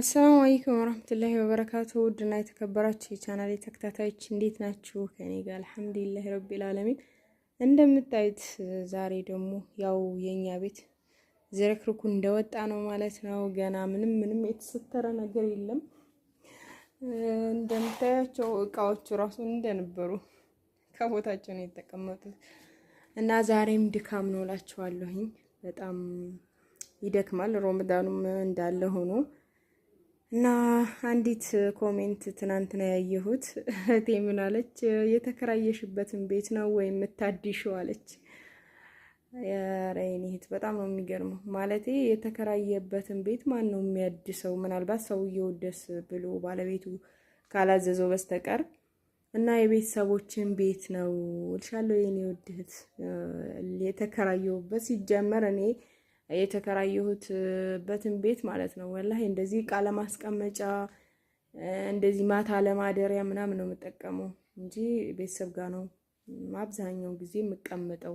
አሰላሙ አለይኩም ወረህመቱላሂ ወበረካቱ ውድና የተከበራችሁ የቻናሌ ተከታታዮች እንዴት ናችሁ? ከኔ ጋር አልሐምዱሊላህ ረቢል ዓለሚን። እንደምታዩት ዛሬ ደግሞ ያው የኛ ቤት ዝርክርኩ እንደወጣ ነው ማለት ነው። ገና ምንም ምንም የተሰተረ ነገር የለም። እንደምታያቸው እቃዎቹ ራሱ እንደነበሩ ከቦታቸው ነው የተቀመጡት እና ዛሬም ድካም ነው እላችኋለሁኝ። በጣም ይደክማል። ሮምዳኑም እንዳለ ሆኖ እና አንዲት ኮሜንት ትናንትና ያየሁት እህቴ ምን አለች? የተከራየሽበትን ቤት ነው ወይም የምታድሺው አለች። ኧረ የኔ በጣም ነው የሚገርመው። ማለቴ የተከራየበትን ቤት ማን ነው የሚያድሰው? ምናልባት ሰውየው ደስ ብሎ ባለቤቱ ካላዘዘው በስተቀር እና የቤተሰቦችን ቤት ነው እልሻለሁ የኔ ውድ እህት የተከራየሁበት ሲጀመር እኔ የተከራየሁትበትን ቤት ማለት ነው። ወላ እንደዚህ እቃ ለማስቀመጫ እንደዚህ ማታ ለማደሪያ ምናምን ነው የምጠቀመው እንጂ ቤተሰብ ጋር ነው አብዛኛው ጊዜ የምቀምጠው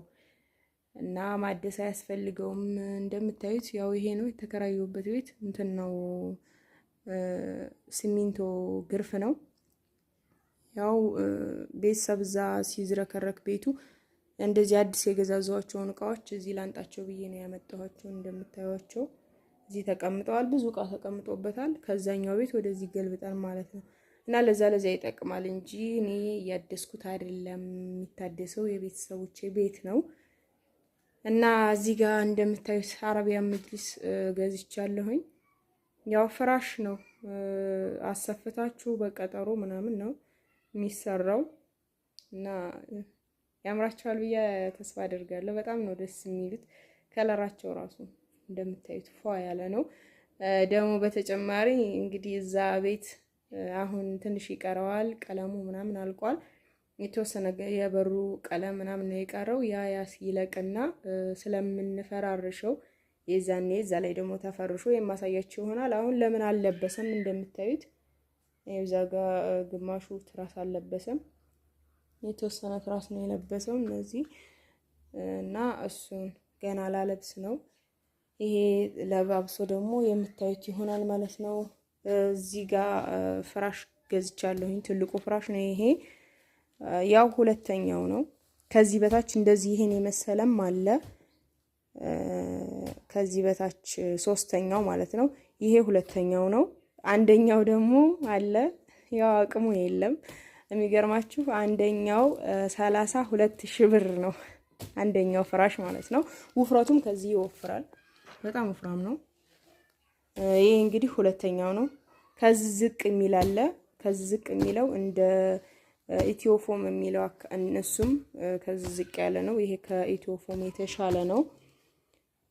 እና ማደስ አያስፈልገውም። እንደምታዩት ያው ይሄ ነው የተከራየሁበት ቤት እንትን ነው ሲሚንቶ ግርፍ ነው። ያው ቤተሰብ እዛ ሲዝረከረክ ቤቱ እንደዚህ አዲስ የገዛዛቸውን እቃዎች እዚህ ላንጣቸው ብዬ ነው ያመጣኋቸው። እንደምታዩቸው እዚህ ተቀምጠዋል። ብዙ እቃ ተቀምጦበታል። ከዛኛው ቤት ወደዚህ ገልብጠን ማለት ነው እና ለዛ ለዛ ይጠቅማል እንጂ እኔ እያደስኩት አይደለም። የሚታደሰው የቤተሰቦቼ ቤት ነው እና እዚህ ጋር እንደምታዩት አረቢያን መጅሊስ ገዝቻለሁኝ። ያው ፍራሽ ነው አሰፍታችሁ በቀጠሮ ምናምን ነው የሚሰራው እና ያምራቸዋል ብዬ ተስፋ አድርጋለሁ። በጣም ነው ደስ የሚሉት። ከለራቸው ራሱ እንደምታዩት ፏ ያለ ነው። ደግሞ በተጨማሪ እንግዲህ እዛ ቤት አሁን ትንሽ ይቀረዋል። ቀለሙ ምናምን አልቋል። የተወሰነ የበሩ ቀለም ምናምን ነው የቀረው። ያ ያስ ይለቅና ስለምንፈራርሸው የዛኔ እዛ ላይ ደግሞ ተፈርሾ የማሳያቸው ይሆናል። አሁን ለምን አልለበሰም እንደምታዩት እዛ ጋ ግማሹ ትራስ አልለበሰም። የተወሰነ ትራስ ነው የለበሰው እነዚህ እና እሱን ገና ላለብስ ነው። ይሄ ለባብሶ ደግሞ የምታዩት ይሆናል ማለት ነው። እዚህ ጋር ፍራሽ ገዝቻለሁኝ። ትልቁ ፍራሽ ነው ይሄ፣ ያው ሁለተኛው ነው። ከዚህ በታች እንደዚህ ይሄን የመሰለም አለ። ከዚህ በታች ሶስተኛው ማለት ነው። ይሄ ሁለተኛው ነው። አንደኛው ደግሞ አለ፣ ያው አቅሙ የለም የሚገርማችሁ አንደኛው ሰላሳ ሁለት ሺ ብር ነው። አንደኛው ፍራሽ ማለት ነው። ውፍረቱም ከዚህ ይወፍራል። በጣም ወፍራም ነው። ይሄ እንግዲህ ሁለተኛው ነው። ከዚህ ዝቅ አለ። ከዚህ ዝቅ የሚለው እንደ ኢትዮፎም የሚለው እነሱም ከዚህ ዝቅ ያለ ነው። ይሄ ከኢትዮፎም የተሻለ ነው።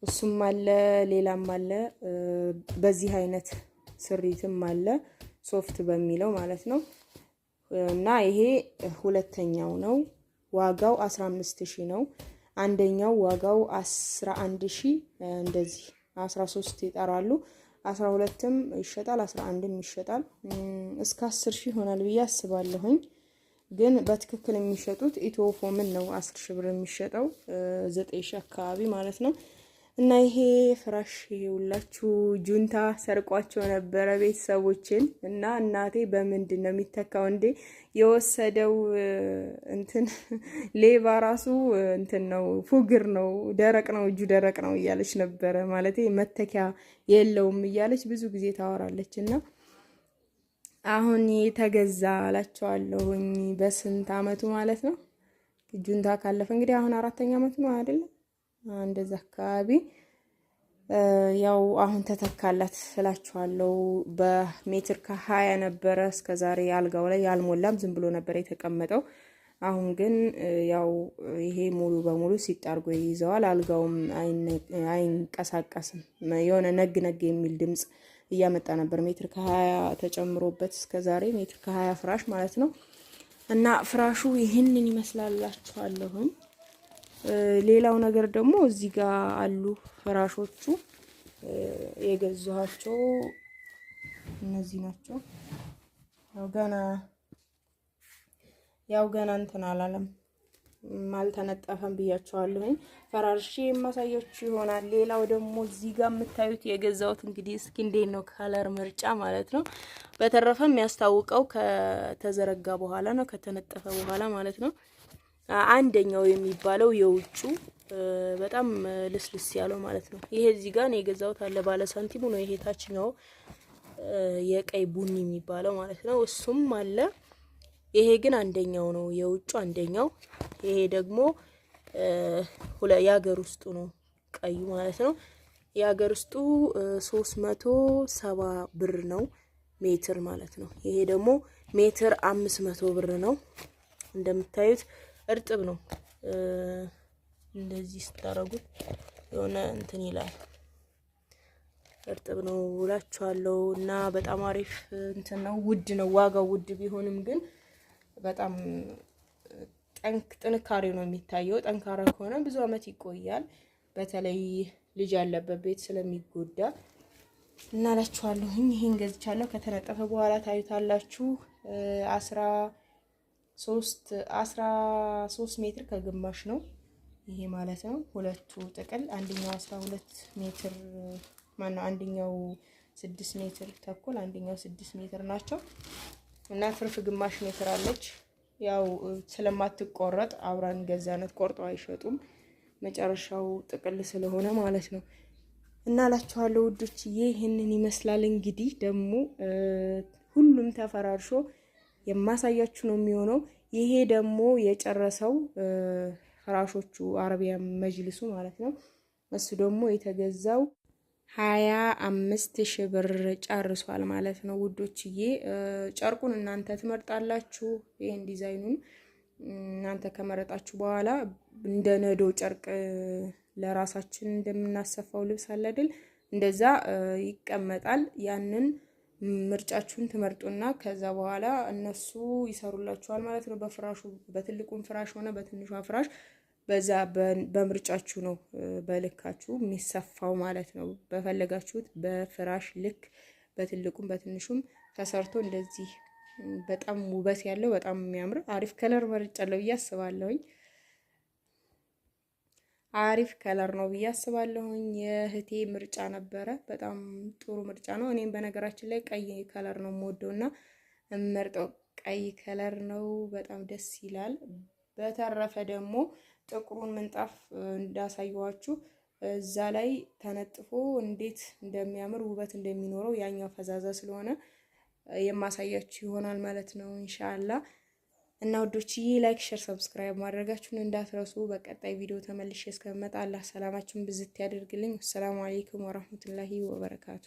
እሱም አለ፣ ሌላም አለ። በዚህ አይነት ስሪትም አለ ሶፍት በሚለው ማለት ነው። እና ይሄ ሁለተኛው ነው። ዋጋው 15000 ነው። አንደኛው ዋጋው 11000 ሺህ እንደዚህ 13 ይጠራሉ። 12ም ይሸጣል፣ 11ም ይሸጣል። እስከ 10000 ሺህ ይሆናል ብዬ አስባለሁኝ። ግን በትክክል የሚሸጡት ኢትዮፎምን ነው 10000 ብር የሚሸጠው 9000 አካባቢ ማለት ነው። እና ይሄ ፍራሽ ሁላችሁ ጁንታ ሰርቋቸው ነበረ ቤተሰቦችን። እና እናቴ በምንድን ነው የሚተካው እንዴ? የወሰደው እንትን ሌባ ራሱ እንትን ነው ፉግር ነው ደረቅ ነው እጁ ደረቅ ነው እያለች ነበረ ማለት መተኪያ የለውም እያለች ብዙ ጊዜ ታወራለች እና አሁን የተገዛ አላቸዋለሁኝ በስንት አመቱ ማለት ነው ጁንታ ካለፈ እንግዲህ አሁን አራተኛ አመቱ ነው አይደለም እንደዛ አካባቢ ያው አሁን ተተካላት ስላችኋለሁ። በሜትር ከሀያ ነበረ እስከዛሬ አልጋው ላይ ያልሞላም ዝም ብሎ ነበረ የተቀመጠው። አሁን ግን ያው ይሄ ሙሉ በሙሉ ሲጣርጎ ይዘዋል። አልጋውም አይንቀሳቀስም። የሆነ ነግ ነግ የሚል ድምፅ እያመጣ ነበር። ሜትር ከሀያ ተጨምሮበት እስከዛሬ ሜትር ከሀያ ፍራሽ ማለት ነው። እና ፍራሹ ይህንን ይመስላላችኋለሁኝ። ሌላው ነገር ደግሞ እዚህ ጋር አሉ ፍራሾቹ የገዛኋቸው እነዚህ ናቸው። ያው ገና ያው ገና እንትን አላለም አልተነጠፈም ብያቸዋለሁኝ። ፈራርሼ የማሳያችሁ ይሆናል። ሌላው ደግሞ እዚህ ጋር የምታዩት የገዛሁት እንግዲህ እስኪ እንዴት ነው ከለር ምርጫ ማለት ነው። በተረፈ የሚያስታውቀው ከተዘረጋ በኋላ ነው ከተነጠፈ በኋላ ማለት ነው። አንደኛው የሚባለው የውጩ በጣም ልስልስ ያለው ማለት ነው። ይሄ እዚህ ጋር ነው የገዛሁት አለ ባለ ሳንቲሙ ነው። ይሄ ታችኛው የቀይ ቡኒ የሚባለው ማለት ነው። እሱም አለ። ይሄ ግን አንደኛው ነው የውጩ አንደኛው። ይሄ ደግሞ የሀገር ውስጡ ነው ቀዩ ማለት ነው። የሀገር ውስጡ ሶስት መቶ ሰባ ብር ነው ሜትር ማለት ነው። ይሄ ደግሞ ሜትር አምስት መቶ ብር ነው እንደምታዩት እርጥብ ነው። እንደዚህ ስታረጉት የሆነ እንትን ይላል እርጥብ ነው እላችኋለሁ። እና በጣም አሪፍ እንትን ነው። ውድ ነው፣ ዋጋው ውድ ቢሆንም ግን በጣም ጠንክ ጥንካሬ ነው የሚታየው። ጠንካራ ከሆነ ብዙ አመት ይቆያል። በተለይ ልጅ ያለበት ቤት ስለሚጎዳ እናላችኋለሁኝ። ይህን ገዝቻለሁ። ከተነጠፈ በኋላ ታዩታላችሁ አስራ ሶስት አስራ ሶስት ሜትር ከግማሽ ነው ይሄ ማለት ነው። ሁለቱ ጥቅል አንደኛው አስራ ሁለት ሜትር ማነው አንደኛው ስድስት ሜትር ተኩል አንደኛው ስድስት ሜትር ናቸው እና ትርፍ ግማሽ ሜትር አለች። ያው ስለማትቆረጥ አብራን ገዛነት ቆርጦ አይሸጡም መጨረሻው ጥቅል ስለሆነ ማለት ነው። እና ላችኋለሁ ውዶች ይህንን ይመስላል እንግዲህ ደግሞ ሁሉም ተፈራርሾ የማሳያችሁ ነው የሚሆነው። ይሄ ደግሞ የጨረሰው ፍራሾቹ አረቢያ መጅልሱ ማለት ነው። እሱ ደግሞ የተገዛው ሀያ አምስት ሺ ብር ጨርሷል ማለት ነው ውዶችዬ። ጨርቁን እናንተ ትመርጣላችሁ። ይህን ዲዛይኑን እናንተ ከመረጣችሁ በኋላ እንደ ነዶ ጨርቅ ለራሳችን እንደምናሰፋው ልብስ አለ አይደል? እንደዛ ይቀመጣል። ያንን ምርጫችሁን ትመርጡና ከዛ በኋላ እነሱ ይሰሩላችኋል ማለት ነው። በፍራሹ በትልቁም ፍራሽ ሆነ በትንሿ ፍራሽ በዛ በምርጫችሁ ነው በልካችሁ የሚሰፋው ማለት ነው። በፈለጋችሁት በፍራሽ ልክ በትልቁም በትንሹም ተሰርቶ እንደዚህ በጣም ውበት ያለው በጣም የሚያምር አሪፍ ከለር መርጫለሁ ብዬ አስባለሁኝ። አሪፍ ከለር ነው ብዬ አስባለሁኝ። የእህቴ ምርጫ ነበረ። በጣም ጥሩ ምርጫ ነው። እኔም በነገራችን ላይ ቀይ ከለር ነው የምወደው እና የምመርጠው ቀይ ከለር ነው። በጣም ደስ ይላል። በተረፈ ደግሞ ጥቁሩን ምንጣፍ እንዳሳየዋችሁ እዛ ላይ ተነጥፎ እንዴት እንደሚያምር ውበት እንደሚኖረው ያኛው ፈዛዛ ስለሆነ የማሳያችሁ ይሆናል ማለት ነው ኢንሻአላህ። እና ወዶችዬ ላይክ፣ ሼር፣ ሰብስክራይብ ማድረጋችሁን እንዳትረሱ። በቀጣይ ቪዲዮ ተመልሼ እስከምመጣ አላህ ሰላማችሁን ብዝት ያደርግልኝ። አሰላሙ አሌይኩም ወራህመቱላሂ ወበረካቱ።